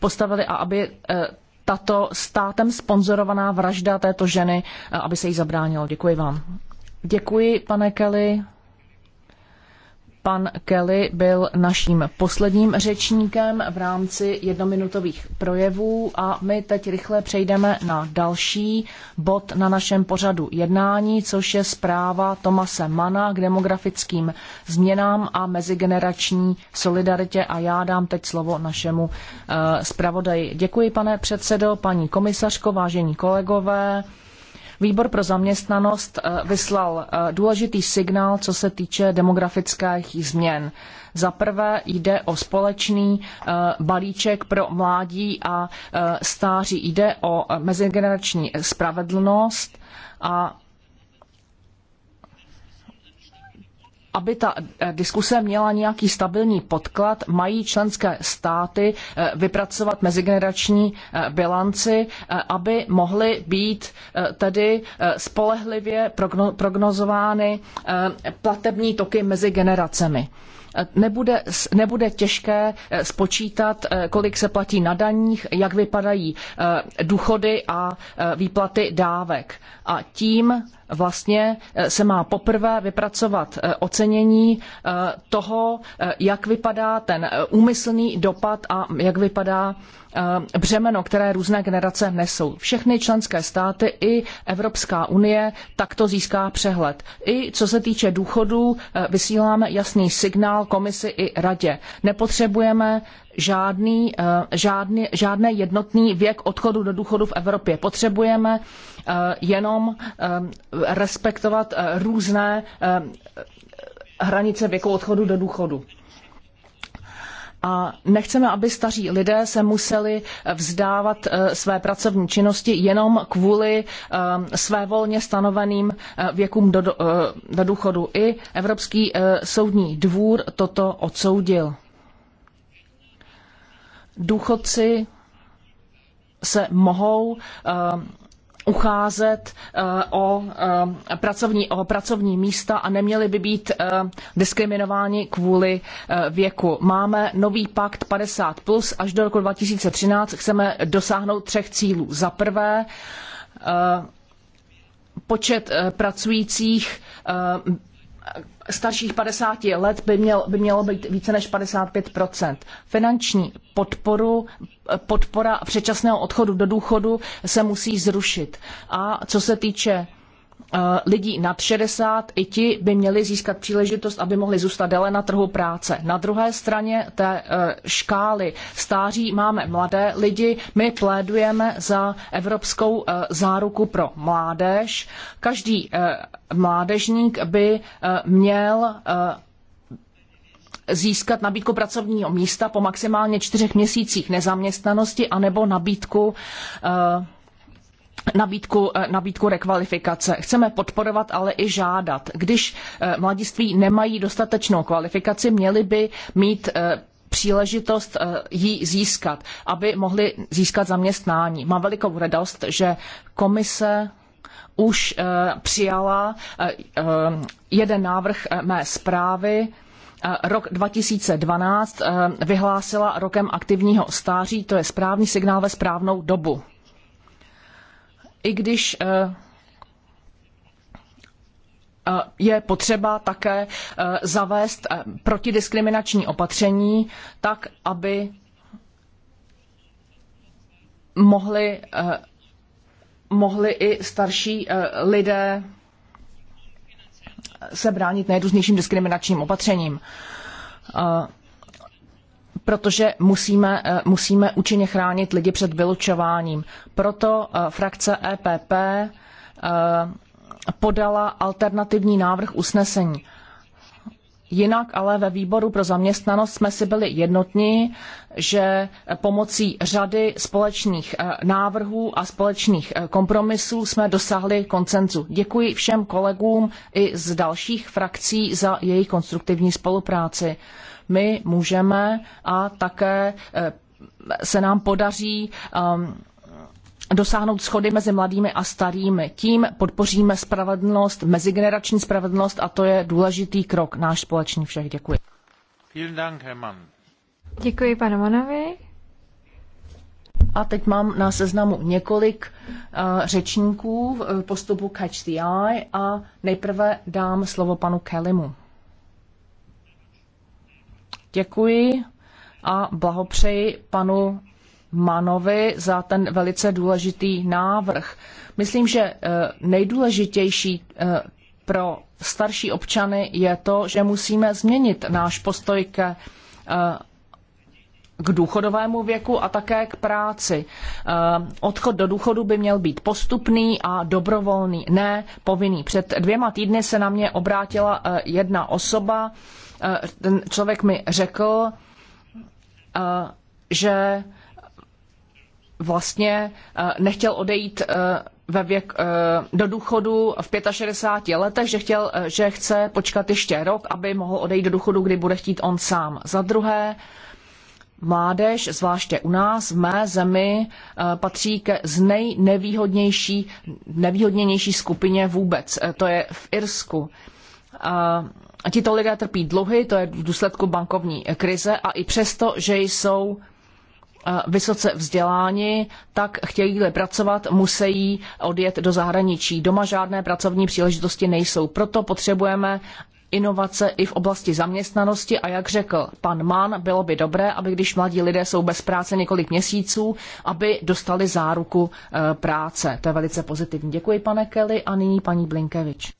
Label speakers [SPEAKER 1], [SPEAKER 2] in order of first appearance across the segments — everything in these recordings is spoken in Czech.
[SPEAKER 1] postavili a aby eh, tato státem sponzorovaná vražda této ženy, eh, aby se jí zabránilo. Děkuji vám. Děkuji, pane Kelly. Pan Kelly byl naším posledním řečníkem v rámci jednominutových projevů a my teď rychle přejdeme na další bod na našem pořadu jednání, což je zpráva Tomase Mana k demografickým změnám a mezigenerační solidaritě a já dám teď slovo našemu eh, zpravodaji. Děkuji, pane předsedo, paní komisařko, vážení kolegové. Výbor pro zaměstnanost eh, vyslal eh, důležitý signál, co se týče demografických změn. Za prvé jde o společný eh, balíček pro mládí a stáří. Jde o mezigenerační spravedlnost a aby ta eh, diskuse měla nějaký stabilní podklad, mají členské státy eh, vypracovat mezigenerační eh, bilanci, aby mohly být tedy spolehlivě prognozovány platební toky mezi generacemi nebude, nebude těžké eh, spočítat, eh, kolik se platí na daních, jak vypadají eh, důchody a výplaty dávek. A tím vlastně se má poprvé vypracovat ocenění toho, jak vypadá ten úmyslný dopad a jak vypadá Eh, břemeno, které různé generace nesou. Všechny členské státy i Evropská unie takto získá přehled. I co se týče důchodů, eh, vysíláme jasný signál komisi i radě. Nepotřebujeme žádný, eh, žádný, žádné jednotný věk odchodu do důchodu v Evropě. Potřebujeme jenom respektovat různé hranice věku odchodu do důchodu a nechceme, aby staří lidé se museli eh, vzdávat eh, své pracovní činnosti jenom kvůli ehm, svévolně stanoveným eh, věkům do, do důchodu. I Evropský soudní dvůr toto odsoudil. Důchodci se mohou ehm, ucházet eh, o eh, pracovní, o pracovní místa a neměli by být eh, diskriminováni kvůli věku. Máme nový pakt 50 plus až do roku 2013 chceme dosáhnout třech cílů. Za prvé počet pracujících starších 50 let by, měl, by mělo být více než 55 Finanční podporu, podpora předčasného odchodu do důchodu se musí zrušit. A co se týče Eh, lidí nad 60, i ti by měli získat příležitost, aby mohli zůstat déle na trhu práce. Na druhé straně té eh, škály stáří máme mladé lidi, my plédujeme za evropskou eh, záruku pro mládež. Každý mládežník by měl získat nabídku pracovního místa po maximálně čtyřech měsících nezaměstnanosti anebo nabídku uh, nabídku, eh, nabídku rekvalifikace. Chceme podporovat, ale i žádat. Když eh, mladiství nemají dostatečnou kvalifikaci, měli by mít eh, příležitost ji získat, aby mohli získat zaměstnání. Mám velikou radost, že komise už přijala jeden návrh mé zprávy, rok 2012 vyhlásila rokem aktivního stáří, to je správný signál ve správnou dobu i když eh, eh, je potřeba také eh, zavést protidiskriminační opatření, tak aby mohli, mohli i starší lidé se bránit nejrůznějším diskriminačním opatřením protože musíme, eh, musíme účinně chránit lidi před vylučováním. Proto eh, frakce EPP eh, podala alternativní návrh usnesení. Jinak ale ve výboru pro zaměstnanost jsme si byli jednotní, že pomocí řady společných návrhů a společných kompromisů jsme dosáhli koncenzu. Děkuji všem kolegům i z dalších frakcí za jejich konstruktivní spolupráci my můžeme a také eh, se nám podaří ehm, dosáhnout schody mezi mladými a starými. Tím podpoříme spravedlnost, mezigenerační spravedlnost a to je důležitý krok náš společný všech. Děkuji.
[SPEAKER 2] Děkuji panu Manovi.
[SPEAKER 1] A teď mám na seznamu několik uh, řečníků v postupu Catch the Eye a nejprve dám slovo panu Kellymu. Děkuji a blahopřeji panu Manovi za ten velice důležitý návrh. Myslím, že eh, nejdůležitější eh, pro starší občany je to, že musíme změnit náš postoj eh, k důchodovému věku a také k práci. Odchod do důchodu by měl být postupný a dobrovolný, ne povinný. Před dvěma týdny se na mě obrátila jedna osoba, Eh, ten člověk mi řekl, eh, že vlastně eh, nechtěl odejít ve věk, do důchodu v 65 letech, že, chtěl, že chce počkat ještě rok, aby mohl odejít do důchodu, kdy bude chtít on sám. Za druhé, mládež, zvláště u nás, v mé zemi, patří ke z nejnevýhodnější nevýhodnější skupině vůbec. To je v Irsku tito lidé trpí dluhy, to je v důsledku bankovní krize a i přesto, že jsou eh, vysoce vzděláni, tak chtějí-li pracovat, musí odjet do zahraničí. Doma žádné pracovní příležitosti nejsou. Proto potřebujeme inovace i v oblasti zaměstnanosti a jak řekl pan Mann, bylo by dobré, aby když mladí lidé jsou bez práce několik měsíců, aby dostali záruku eh, práce. To je velice pozitivní. Děkuji, pane Kelly, a nyní paní Blinkevič.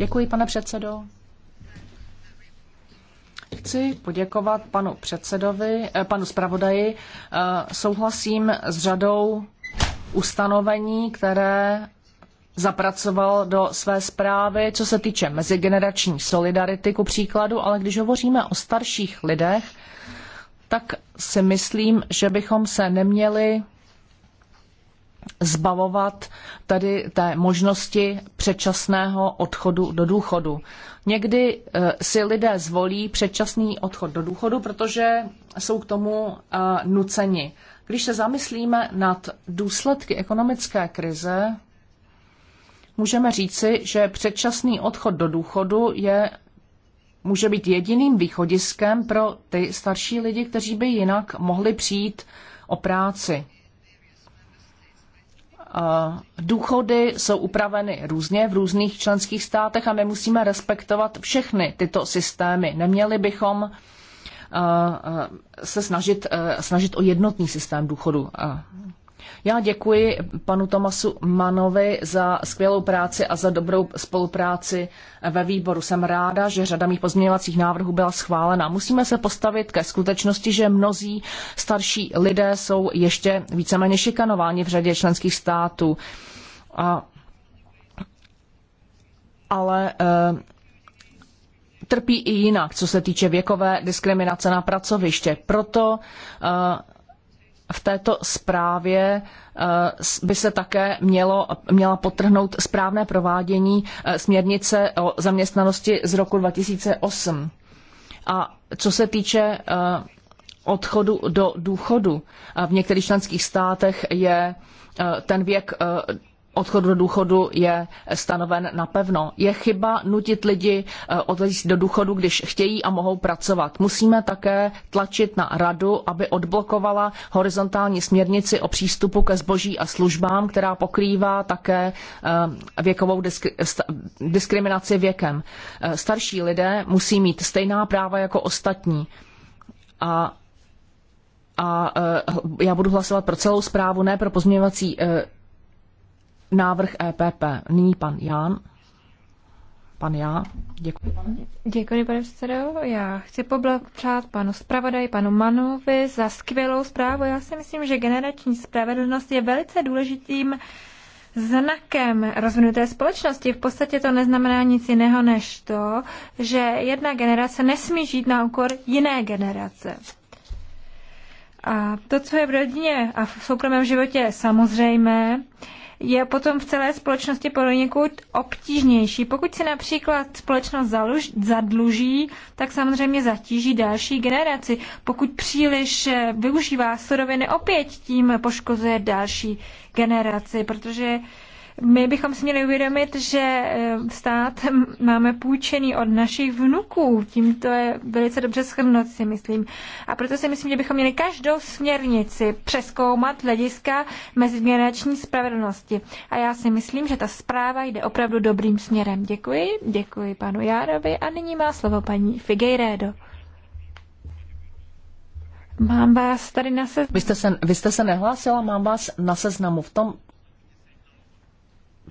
[SPEAKER 1] Děkuji, pane předsedo. Chci poděkovat panu předsedovi, eh, panu zpravodaji. Eh, souhlasím s řadou ustanovení, které zapracoval do své zprávy, co se týče mezigenerační solidarity, kupříkladu příkladu, ale když hovoříme o starších lidech, tak si myslím, že bychom se neměli zbavovat tady té možnosti předčasného odchodu do důchodu. Někdy eh, si lidé zvolí předčasný odchod do důchodu, protože jsou k tomu eh, nuceni. Když se zamyslíme nad důsledky ekonomické krize, můžeme říci, že předčasný odchod do důchodu je může být jediným východiskem pro ty starší lidi, kteří by jinak mohli přijít o práci. Důchody jsou upraveny různě v různých členských státech a my musíme respektovat všechny tyto systémy. Neměli bychom eh, eh, se snažit, eh, snažit o jednotný systém důchodu. Já děkuji panu Tomasu Manovi za skvělou práci a za dobrou spolupráci ve výboru. Jsem ráda, že řada mých pozměňovacích návrhů byla schválena. Musíme se postavit ke skutečnosti, že mnozí starší lidé jsou ještě víceméně šikanováni v řadě členských států. A, ale e, trpí i jinak, co se týče věkové diskriminace na pracoviště. Proto e, v této zprávě eh, by se také mělo, měla potrhnout správné provádění eh, směrnice o zaměstnanosti z roku 2008. A co se týče eh, odchodu do důchodu, v některých členských státech je ten věk odchod do důchodu je stanoven napevno. Je chyba nutit lidi eh, odejít do důchodu, když chtějí a mohou pracovat. Musíme také tlačit na radu, aby odblokovala horizontální směrnici o přístupu ke zboží a službám, která pokrývá také eh, věkovou diskriminaci věkem. Eh, starší lidé musí mít stejná práva jako ostatní. A a já budu hlasovat pro celou zprávu, ne pro pozměňovací návrh EPP. Nyní pan Ján. Pan Já. Děkuji.
[SPEAKER 2] Děkuji, pane předsedo. Já chci poblahopřát panu zpravodaji, panu Manovi za skvělou zprávu. Já si myslím, že generační spravedlnost je velice důležitým znakem rozvinuté společnosti. V podstatě to neznamená nic jiného než to, že jedna generace nesmí žít na úkor jiné generace. A to, co je v rodině a v soukromém životě samozřejmé, je potom v celé společnosti poněkud obtížnější. Pokud si například společnost zaluž, zadluží, tak samozřejmě zatíží další generaci. Pokud příliš eh, využívá suroviny, opět tím poškozuje další generaci, protože my bychom si měli uvědomit, že eh, stát máme půjčený od našich vnuků. Tím to je velice dobře schrnout, si myslím. A proto si myslím, že bychom měli každou směrnici přeskoumat hlediska mezigenerační spravedlnosti. A já si myslím, že ta zpráva jde opravdu dobrým směrem. Děkuji, děkuji panu Járovi a nyní má slovo paní Figueiredo. Mám
[SPEAKER 1] vás tady na seznamu. Vy, se, vy jste se nehlásila, mám vás na seznamu. V tom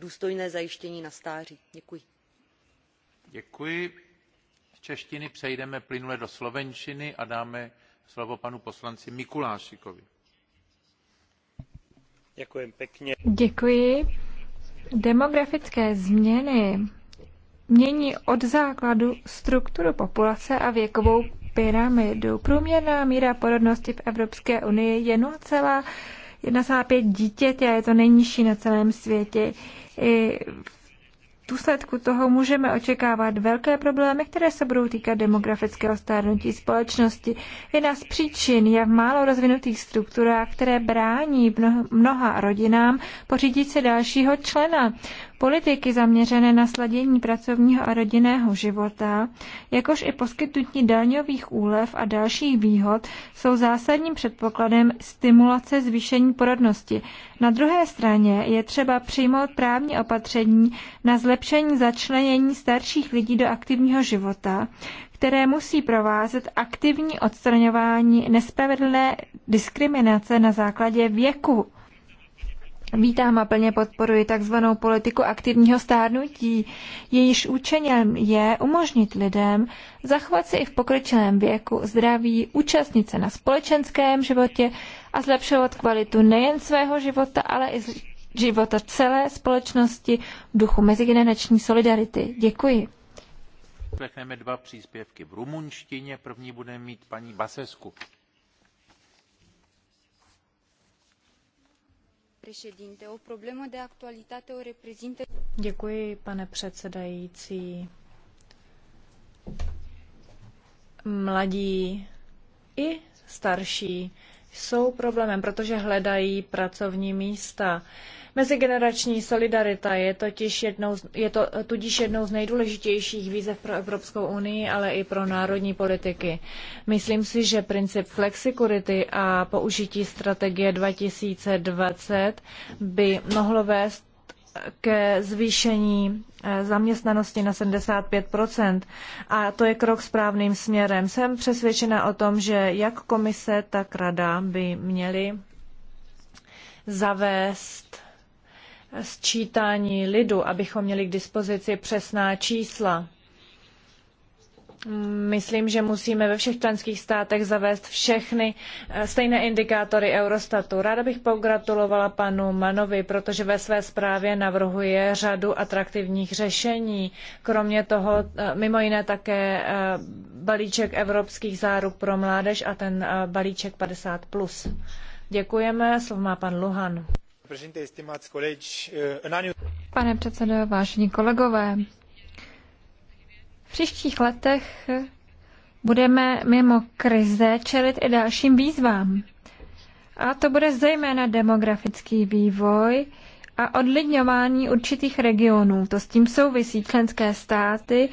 [SPEAKER 3] důstojné zajištění na stáří. Děkuji.
[SPEAKER 4] Děkuji. Z češtiny přejdeme plynule do slovenčiny a dáme slovo panu poslanci Mikulášikovi. Děkuji pěkně.
[SPEAKER 2] Děkuji. Demografické změny mění od základu strukturu populace a věkovou pyramidu. Průměrná míra porodnosti v Evropské unii je 0, 1,5 dítěte je to nejnižší na celém světě. I v důsledku toho můžeme očekávat velké problémy, které se budou týkat demografického stárnutí společnosti. Jedna z příčin je v málo rozvinutých strukturách, které brání mnoha rodinám pořídit se dalšího člena. Politiky zaměřené na sladění pracovního a rodinného života, jakož i poskytnutí daňových úlev a dalších výhod jsou zásadním předpokladem stimulace zvýšení porodnosti. Na druhé straně je třeba přijmout právní opatření na zlepšení začlenění starších lidí do aktivního života, které musí provázet aktivní odstraňování nespravedlné diskriminace na základě věku. Vítám a plně podporuji takzvanou politiku aktivního stárnutí. Jejíž účelem je umožnit lidem zachovat si i v pokročilém věku zdraví, účastnit se na společenském životě a zlepšovat kvalitu nejen svého života, ale i života celé společnosti v duchu mezigenerační solidarity. Děkuji.
[SPEAKER 4] Vyslechneme dva příspěvky v rumunštině. První bude mít paní Basesku.
[SPEAKER 2] o problemă de actualitate o reprezintă...
[SPEAKER 4] Děkuji, pane předsedající. Mladí i starší jsou problémem, protože hledají pracovní místa. Mezigenerační solidarita je, totiž jednou, je to tudíž jednou z nejdůležitějších výzev pro Evropskou unii, ale i pro národní politiky. Myslím si, že princip flexikurity a použití strategie 2020 by mohlo vést ke zvýšení eh, zaměstnanosti na 75 a to je krok správným směrem. Jsem přesvědčena o tom, že jak komise, tak rada by měly zavést sčítání lidu, abychom měli k dispozici přesná čísla Myslím, že musíme ve všech členských státech zavést všechny eh, stejné indikátory Eurostatu. Ráda bych pogratulovala panu Manovi, protože ve své zprávě navrhuje řadu atraktivních řešení. Kromě toho, eh, mimo jiné také eh, balíček evropských záruk pro mládež a ten balíček 50. Plus. Děkujeme, slovo má pan
[SPEAKER 2] Luhan. Pane předsedo, vážení kolegové, v příštích letech budeme mimo krize čelit i dalším výzvám. A to bude zejména demografický vývoj a odlidňování určitých regionů. To s tím souvisí. Členské státy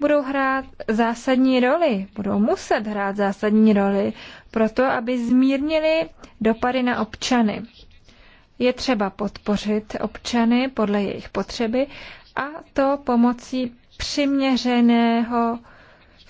[SPEAKER 2] budou hrát zásadní roli, budou muset hrát zásadní roli proto, aby zmírnili dopady na občany. Je třeba podpořit občany podle jejich potřeby a to pomocí přiměřeného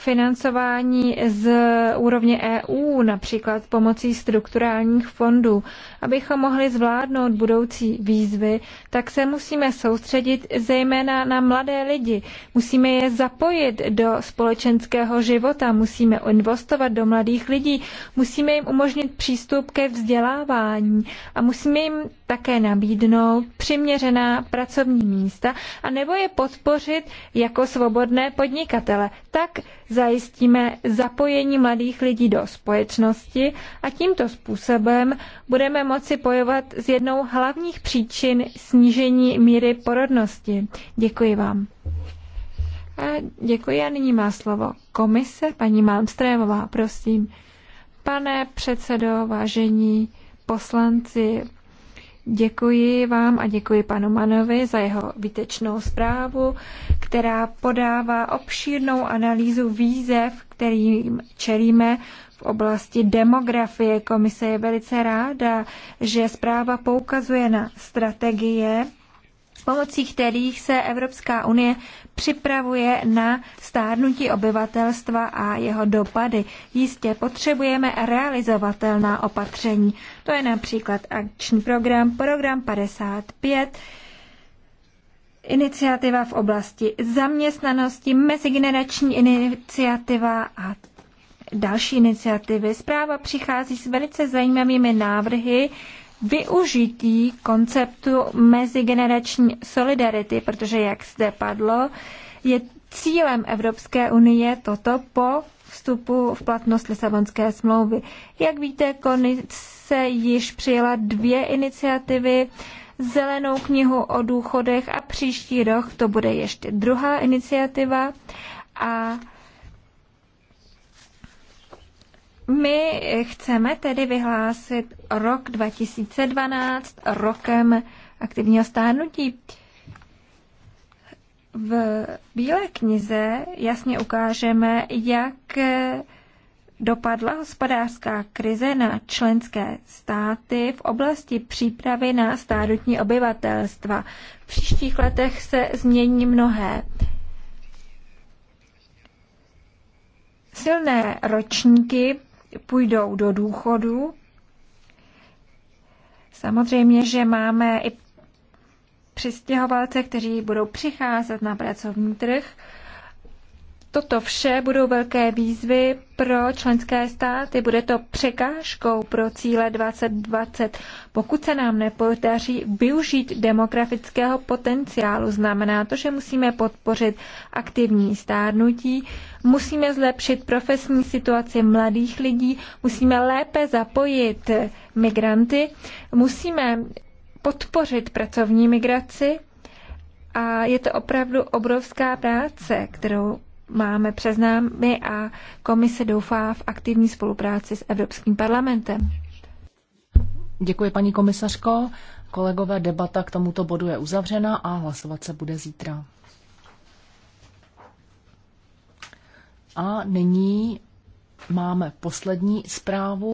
[SPEAKER 2] financování z úrovně EU, například pomocí strukturálních fondů. Abychom mohli zvládnout budoucí výzvy, tak se musíme soustředit zejména na mladé lidi. Musíme je zapojit do společenského života, musíme investovat do mladých lidí, musíme jim umožnit přístup ke vzdělávání a musíme jim také nabídnout přiměřená pracovní místa a nebo je podpořit jako svobodné podnikatele. Tak zajistíme zapojení mladých lidí do společnosti a tímto způsobem budeme moci bojovat s jednou hlavních příčin snížení míry porodnosti. Děkuji vám. A děkuji a nyní má slovo komise, paní Malmstrémová, prosím. Pane předsedo, vážení poslanci, Děkuji vám a děkuji panu Manovi za jeho výtečnou zprávu, která podává obšírnou analýzu výzev, kterým čelíme v oblasti demografie. Komise je velice ráda, že zpráva poukazuje na strategie, pomocí kterých se Evropská unie připravuje na stárnutí obyvatelstva a jeho dopady. Jistě potřebujeme realizovatelná opatření. To je například akční program, program 55, iniciativa v oblasti zaměstnanosti, mezigenerační iniciativa a další iniciativy. Zpráva přichází s velice zajímavými návrhy využití konceptu mezigenerační solidarity, protože, jak zde padlo, je cílem Evropské unie toto po vstupu v platnost Lisabonské smlouvy. Jak víte, Konice již přijela dvě iniciativy, zelenou knihu o důchodech a příští rok to bude ještě druhá iniciativa a My chceme tedy vyhlásit rok 2012 rokem aktivního stárnutí. V Bílé knize jasně ukážeme, jak dopadla hospodářská krize na členské státy v oblasti přípravy na stárnutí obyvatelstva. V příštích letech se změní mnohé. Silné ročníky půjdou do důchodu. Samozřejmě, že máme i přistěhovalce, kteří budou přicházet na pracovní trh Toto vše budou velké výzvy pro členské státy. Bude to překážkou pro cíle 2020. Pokud se nám nepodaří využít demografického potenciálu, znamená to, že musíme podpořit aktivní stárnutí, musíme zlepšit profesní situaci mladých lidí, musíme lépe zapojit migranty, musíme podpořit pracovní migraci. A je to opravdu obrovská práce, kterou máme přes námi a komise doufá v aktivní spolupráci s Evropským parlamentem. Děkuji, paní komisařko.
[SPEAKER 1] Kolegové, debata k tomuto bodu je uzavřena a hlasovat se bude zítra. A nyní máme poslední zprávu.